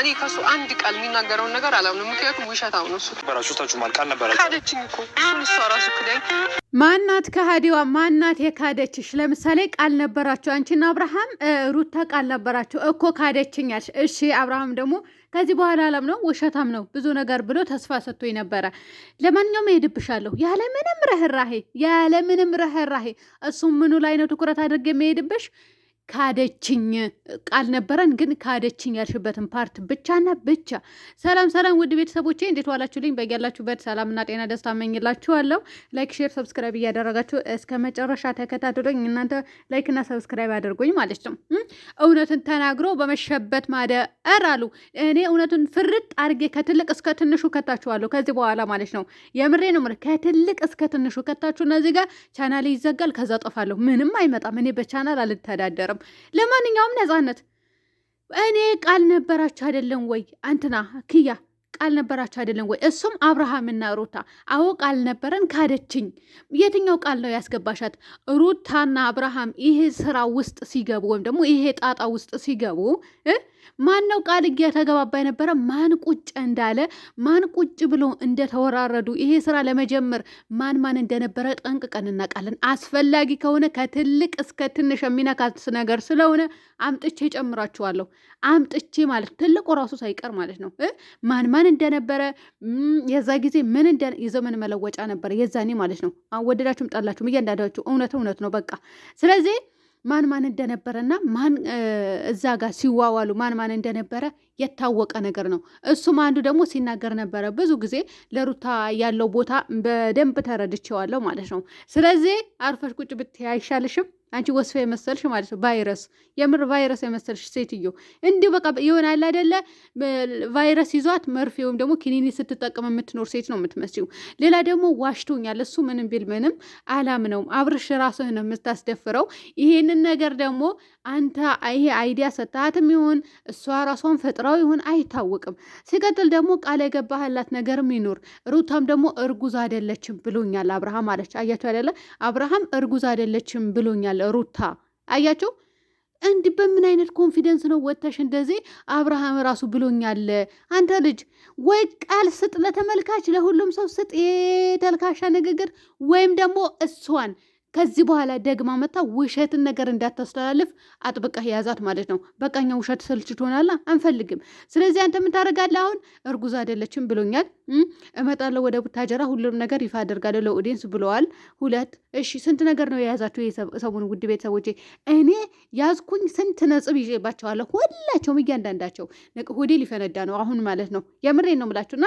እኔ ከሱ አንድ ቃል የሚናገረውን ነገር አላምንም። ምክንያቱም ውሸታም ነው ነበረ ካደችኝ እኮ እሱን እሷ ራሱ ክዳኝ። ማናት ከሃዲዋ ማናት የካደችሽ? ለምሳሌ ቃል ነበራቸው አንቺና አብርሃም፣ ሩታ ቃል ነበራቸው እኮ ካደችኛል። እሺ አብርሃም ደግሞ ከዚህ በኋላ አለም ነው ውሸታም ነው ብዙ ነገር ብሎ ተስፋ ሰጥቶ ነበረ። ለማንኛውም እሄድብሻለሁ ያለምንም ርህራሄ ያለምንም ርህራሄ። እሱም ምኑ ላይ ነው ትኩረት አድርጌ የሚሄድብሽ? ካደችኝ ቃል ነበረን ግን ካደችኝ ያልሽበትን ፓርት ብቻና ብቻ። ሰላም ሰላም፣ ውድ ቤተሰቦቼ እንዴት ዋላችሁልኝ? በያላችሁበት ሰላምና ጤና ደስታ መኝላችኋለሁ። ላይክ፣ ሼር፣ ሰብስክራይብ እያደረጋችሁ እስከ መጨረሻ ተከታትሎኝ እናንተ ላይክና ሰብስክራይብ አድርጎኝ ማለት ነው። እውነትን ተናግሮ በመሸበት ማደር አሉ። እኔ እውነቱን ፍርጥ አድርጌ ከትልቅ እስከ ትንሹ ከታችኋለሁ ከዚህ በኋላ ማለት ነው። የምሬ ነው። ከትልቅ እስከ ትንሹ ከታችሁ እነዚህ ጋር ቻናሌ ይዘጋል። ከዛ ጠፋለሁ። ምንም አይመጣም። እኔ በቻናል አልተዳደርም። አላውቅም። ለማንኛውም ነፃነት እኔ ቃል ነበራችሁ አይደለም ወይ አንትና ክያ ቃል ነበራችሁ አይደለም ወይ? እሱም አብርሃምና ሩታ። አዎ ቃል ነበረን፣ ካደችኝ። የትኛው ቃል ነው ያስገባሻት? ሩታና አብርሃም ይሄ ስራ ውስጥ ሲገቡ ወይም ደግሞ ይሄ ጣጣ ውስጥ ሲገቡ ማን ነው ቃል እየተገባባ የነበረ? ማን ቁጭ እንዳለ ማን ቁጭ ብሎ እንደተወራረዱ ይሄ ስራ ለመጀመር ማን ማን እንደነበረ ጠንቅቀን እናውቃለን። አስፈላጊ ከሆነ ከትልቅ እስከ ትንሽ የሚነካት ነገር ስለሆነ አምጥቼ ጨምራችኋለሁ። አምጥቼ ማለት ትልቁ ራሱ ሳይቀር ማለት ነው። ማን ማን እንደነበረ የዛ ጊዜ ምን የዘመን መለወጫ ነበረ የዛኔ ማለት ነው። ወደዳችሁም ጠላችሁም እያንዳንዳችሁ እውነት እውነት ነው በቃ ስለዚህ ማን ማን እንደነበረና ማን እዛ ጋር ሲዋዋሉ ማን ማን እንደነበረ የታወቀ ነገር ነው። እሱም አንዱ ደግሞ ሲናገር ነበረ። ብዙ ጊዜ ለሩታ ያለው ቦታ በደንብ ተረድቼዋለሁ ማለት ነው። ስለዚህ አርፈሽ ቁጭ ብትይ አይሻልሽም? አንቺ ወስፋ የመሰልሽ ማለት ነው። ቫይረስ የምር ቫይረስ የመሰልሽ ሴትዮ እንዲሁ በቃ አለ አይደለ? ቫይረስ ይዟት መርፌ ወይም ደግሞ ኪኒኒ ስትጠቀም የምትኖር ሴት ነው የምትመስለው። ሌላ ደግሞ ዋሽቶኛል። እሱ ምንም ቢል ምንም አላምነውም። አብርሽ ራስህ ነው የምታስደፍረው። ይሄንን ነገር ደግሞ አንተ ይሄ አይዲያ ሰጣትም ይሆን እሷ ራሷን ፈጥራው ይሆን አይታወቅም። ሲቀጥል ደግሞ ቃል የገባህላት ነገርም ይኖር። ሩታም ደግሞ እርጉዝ አይደለችም ብሎኛል አብርሃም አለች። አያቸው አይደለ? አብርሃም እርጉዝ አይደለችም ብሎኛል ብለዋል ሩታ። አያቸው እንዲህ በምን አይነት ኮንፊደንስ ነው ወጥተሽ እንደዚህ? አብርሃም ራሱ ብሎኛል። አንተ ልጅ ወይ ቃል ስጥ ለተመልካች፣ ለሁሉም ሰው ስጥ የተልካሻ ንግግር፣ ወይም ደግሞ እሷን ከዚህ በኋላ ደግማ መታ ውሸትን ነገር እንዳታስተላልፍ አጥብቀህ ያዛት ማለት ነው። በቃኛ ውሸት ስልች ሰልችቶናል፣ አንፈልግም። ስለዚህ አንተ ምን ታደርጋለህ? አሁን እርጉዝ አይደለችም ብሎኛል። እመጣለሁ ወደ ቡታጀራ፣ ሁሉም ነገር ይፋ አደርጋለሁ ለኦዲንስ ብለዋል። ሁለት እሺ፣ ስንት ነገር ነው የያዛችሁ የሰሙን ውድ ቤተሰቦቼ እኔ ያዝኩኝ ስንት ነጽብ ይዤባቸዋለሁ። ሁላቸውም እያንዳንዳቸው ሆዴ ሊፈነዳ ነው አሁን ማለት ነው። የምሬን ነው የምላችሁና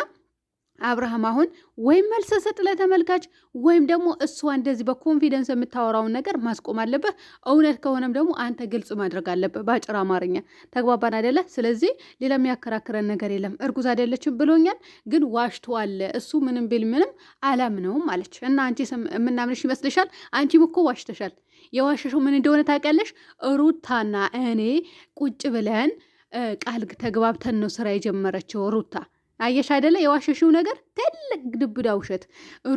አብርሃም አሁን ወይም መልስ ስጥ ለተመልካች ወይም ደግሞ እሷ እንደዚህ በኮንፊደንስ የምታወራውን ነገር ማስቆም አለበት እውነት ከሆነም ደግሞ አንተ ግልጽ ማድረግ አለበት በአጭር አማርኛ። ተግባባን አይደለ? ስለዚህ ሌላ የሚያከራክረን ነገር የለም። እርጉዝ አይደለችም ብሎኛል፣ ግን ዋሽቶ አለ እሱ ምንም ቢል ምንም አላምነውም አለች እና አንቺ የምናምንሽ ይመስልሻል? አንቺም እኮ ዋሽተሻል። የዋሸሽው ምን እንደሆነ ታውቂያለሽ? ሩታና እኔ ቁጭ ብለን ቃል ተግባብተን ነው ስራ የጀመረችው ሩታ አየሽ አይደለ? የዋሸሽው ነገር ትልቅ ድብዳ ውሸት።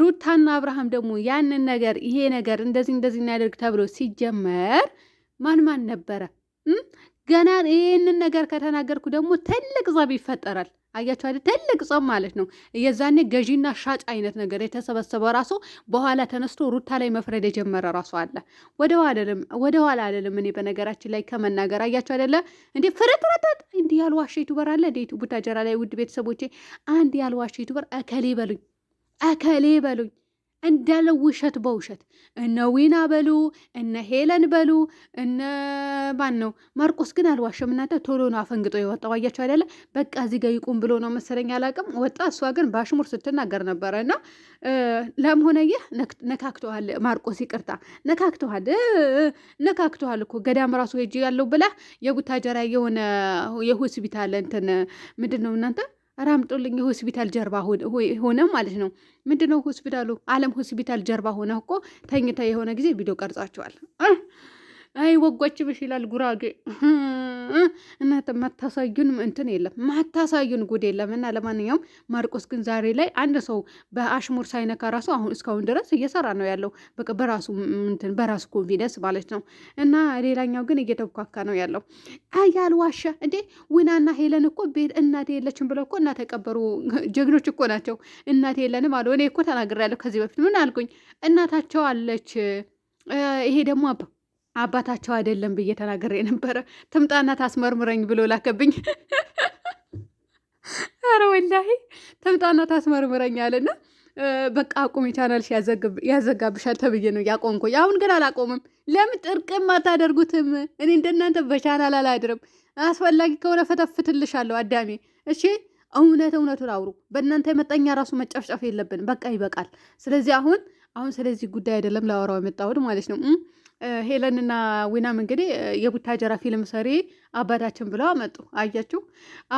ሩታና አብርሃም ደግሞ ያንን ነገር ይሄ ነገር እንደዚህ እንደዚህ እናያደርግ ተብሎ ሲጀመር ማን ማን ነበረ? ገና ይህንን ነገር ከተናገርኩ ደግሞ ትልቅ ዛብ ይፈጠራል። አያቸው አይደል? ትልቅ ጾም ማለት ነው። የዛኔ ገዢና ሻጭ አይነት ነገር የተሰበሰበ ራሱ በኋላ ተነስቶ ሩታ ላይ መፍረድ የጀመረ ራሱ አለ። ወደኋላ አይደለም። እኔ በነገራችን ላይ ከመናገር አያቸው አይደለ እንዴ ፍርጥረጠጥ እንዲህ ያልዋሸ ዩቱበር አለ እንዴ ቡታጀራ ላይ። ውድ ቤተሰቦቼ አንድ ያልዋሸ ዩቱበር እከሌ በሉኝ፣ እከሌ በሉኝ እንዳለ ውሸት በውሸት እነ ዊና በሉ እነ ሄለን በሉ እነ ማን ነው ማርቆስ ግን አልዋሸም። እናንተ ቶሎ ነው አፈንግጦ የወጣው አያቸው አይደለ? በቃ እዚህ ጋር ይቁም ብሎ ነው መሰለኝ አላቅም ወጣ። እሷ ግን በአሽሙር ስትናገር ነበረ እና ለምሆነ ይህ ነካክተዋል። ማርቆስ ይቅርታ ነካክተዋል፣ ነካክተዋል እኮ ገዳም ራሱ ሄጅ ያለው ብላ የቡታጀራ የሆነ የሆስፒታል እንትን ምንድን ነው እናንተ ራምጦልኝ ሆስፒታል ጀርባ ሆነ ማለት ነው። ምንድነው ሆስፒታሉ? አለም ሆስፒታል ጀርባ ሆነ እኮ ተኝታ የሆነ ጊዜ ቪዲዮ ቀርጻቸዋል። አይ ወጓችብሽ ይላል ጉራጌ። እናንተ ማታሳዩን እንትን የለም ማታሳዩን ጉድ የለም። እና ለማንኛውም ማርቆስ ግን ዛሬ ላይ አንድ ሰው በአሽሙር ሳይነካ ራሱ አሁን እስካሁን ድረስ እየሰራ ነው ያለው በቃ በራሱ እንትን በራሱ ኮንፊደንስ ማለት ነው። እና ሌላኛው ግን እየተብኳካ ነው ያለው ያልዋሸ እንዴ ዊናና ሄለን እኮ ቤት እናቴ የለችም ብለው እኮ እናት የቀበሩ ጀግኖች እኮ ናቸው። እናት የለንም አሉ። እኔ እኮ ተናግሬያለሁ ከዚህ በፊት ምን አልኩኝ? እናታቸው አለች። ይሄ ደግሞ አባታቸው አይደለም ብዬ ተናገር ነበረ። ትምጣና ታስመርምረኝ ብሎ ላከብኝ። አረ ወላሂ ትምጣና ታስመርምረኝ አለና በቃ አቁም፣ ቻናልሽ ያዘጋብሻል ተብዬ ነው ያቆምኩኝ። አሁን ግን አላቆምም። ለምን ጥርቅም አታደርጉትም? እኔ እንደናንተ በቻናል አላድርም። አስፈላጊ ከሆነ ፈተፍትልሻለሁ አዳሜ። እሺ እውነት እውነቱን አውሩ። በእናንተ የመጣኛ ራሱ መጨፍጨፍ የለብን በቃ ይበቃል። ስለዚህ አሁን አሁን ስለዚህ ጉዳይ አይደለም ላወራው የመጣሁት ማለት ነው። ሄለንና ዊናም እንግዲህ የቡታጀራ ፊልም ሰሪ አባታችን ብለው አመጡ። አያችሁ።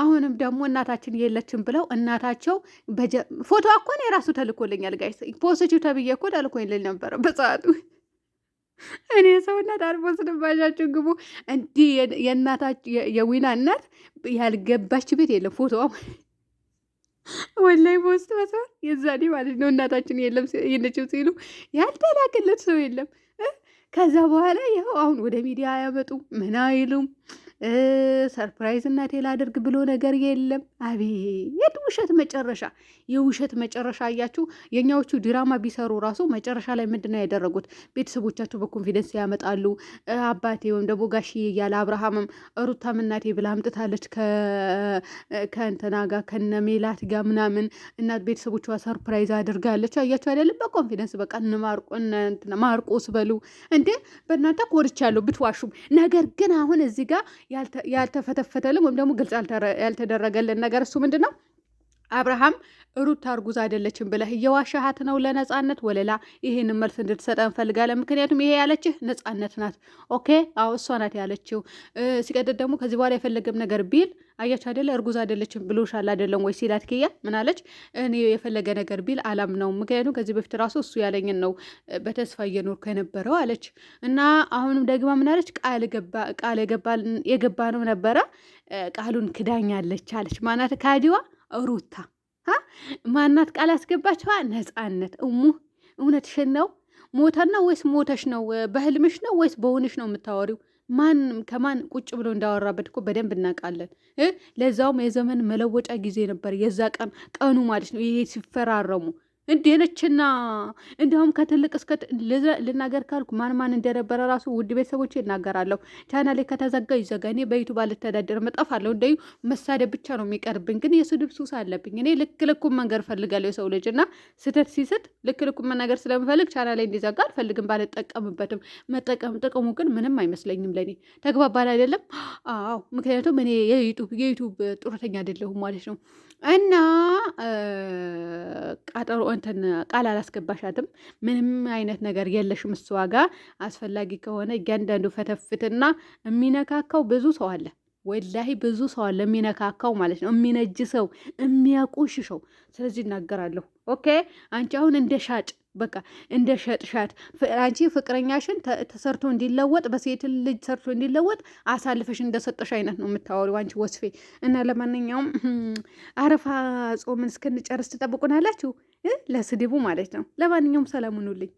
አሁንም ደግሞ እናታችን የለችም ብለው እናታቸው ፎቶ አኳን የራሱ ተልኮልኛል። ጋይ ፖስቲቭ ተብዬ እኮ ልል ነበረ በሰዓቱ እኔ ሰው እናት ስንባሻችሁ ግቡ። እንዲህ የእናታችሁ የዊና እናት ያልገባች ቤት የለም ፎቶ ወላይ ፖስት በሰዓት የዛኔ ማለት ነው እናታችን የለም የለችም ሲሉ ያልተላከለት ሰው የለም። ከዛ በኋላ ይኸው አሁን ወደ ሚዲያ አያመጡም ምን አይሉም። ሰርፕራይዝ እናቴ ላደርግ ብሎ ነገር የለም። አቤት ውሸት መጨረሻ፣ የውሸት መጨረሻ። እያችሁ። የእኛዎቹ ድራማ ቢሰሩ ራሱ መጨረሻ ላይ ምንድን ነው ያደረጉት? ቤተሰቦቻቸው በኮንፊደንስ ያመጣሉ። አባቴ ወይም ደግሞ ጋሽዬ እያለ አብርሃምም ሩታም እናቴ ብላ አምጥታለች ከእንትና ጋር ከነ ሜላት ጋር ምናምን እናት ቤተሰቦቿ ሰርፕራይዝ አድርጋለች። አያችሁ አይደለም? በኮንፊደንስ በቃ ማርቆስ በሉ እንዴ! በእናንተ ኮርቻለሁ ብትዋሹም ነገር ግን አሁን እዚህ ጋር ያልተፈተፈተልን ወይም ደግሞ ግልጽ ያልተደረገልን ነገር እሱ ምንድን ነው አብርሃም ሩት እርጉዝ አይደለችም ብለህ እየዋሻሃት ነው ለነጻነት ወለላ። ይህን መልስ እንድትሰጠ እንፈልጋለን። ምክንያቱም ይሄ ያለችህ ነጻነት ናት። ኦኬ፣ አዎ እሷ ናት ያለችው። ሲቀደድ ደግሞ ከዚህ በኋላ የፈለገም ነገር ቢል አያችሁ አደለ እርጉዝ አይደለችም ብሎሻል አደለም ወይ ሲላት ክያ ምናለች እኔ የፈለገ ነገር ቢል አላም ነው ምክንያቱም ከዚህ በፊት ራሱ እሱ ያለኝን ነው በተስፋ እየኖርኩ የነበረው አለች። እና አሁንም ደግማ ምናለች ቃል የገባ ነው ነበረ ቃሉን ክዳኛለች አለች። ማናት ካዲዋ ሩታ ማናት ቃል አስገባችኋ? ነፃነት እሙ እውነትሽን ነው። ሞተን ነው ወይስ ሞተሽ ነው? በህልምሽ ነው ወይስ በእውንሽ ነው የምታወሪው? ማን ከማን ቁጭ ብሎ እንዳወራበት እኮ በደንብ እናውቃለን። ለዛውም የዘመን መለወጫ ጊዜ ነበር የዛ ቀን ቀኑ ማለት ነው ይሄ ሲፈራረሙ እንዴነችና እንዲሁም ከትልቅ እስከ ልናገር ካልኩ ማን ማን እንደነበረ ራሱ ውድ ቤተሰቦች ይናገራለሁ። ቻናሌ ከተዘጋ ይዘጋ። እኔ በዩቱብ መጣፍ እጠፋለሁ። እንደዩ መሳደብ ብቻ ነው የሚቀርብኝ፣ ግን የስድብ ሱስ አለብኝ። እኔ ልክ ልኩን መንገር ፈልጋለሁ የሰው ልጅ እና ስህተት ሲስት ልክ ልኩን መናገር ስለምፈልግ ቻናሌ እንዲዘጋ አልፈልግም፣ ባልጠቀምበትም። መጠቀም ጥቅሙ ግን ምንም አይመስለኝም ለእኔ። ተግባባን አይደለም? አዎ። ምክንያቱም እኔ የዩቱብ ጡረተኛ አይደለሁም ማለት ነው እና ቀጠሮ እንትን ቃል አላስገባሻትም። ምንም አይነት ነገር የለሽም እሷ ጋር። አስፈላጊ ከሆነ እያንዳንዱ ፈተፍትና የሚነካካው ብዙ ሰው አለ ወላሂ ብዙ ሰው አለ የሚነካካው ማለት ነው፣ የሚነጅሰው፣ የሚያቆሽሸው። ስለዚህ እናገራለሁ። ኦኬ አንቺ አሁን እንደ ሻጭ በቃ እንደ ሸጥሻት አንቺ ፍቅረኛሽን ተሰርቶ እንዲለወጥ በሴት ልጅ ሰርቶ እንዲለወጥ አሳልፈሽ እንደሰጠሽ አይነት ነው የምታወሪ አንቺ ወስፌ። እና ለማንኛውም አረፋ ጾምን እስክንጨርስ ትጠብቁናላችሁ። ለስድቡ ማለት ነው። ለማንኛውም ሰላም ሁኑልኝ።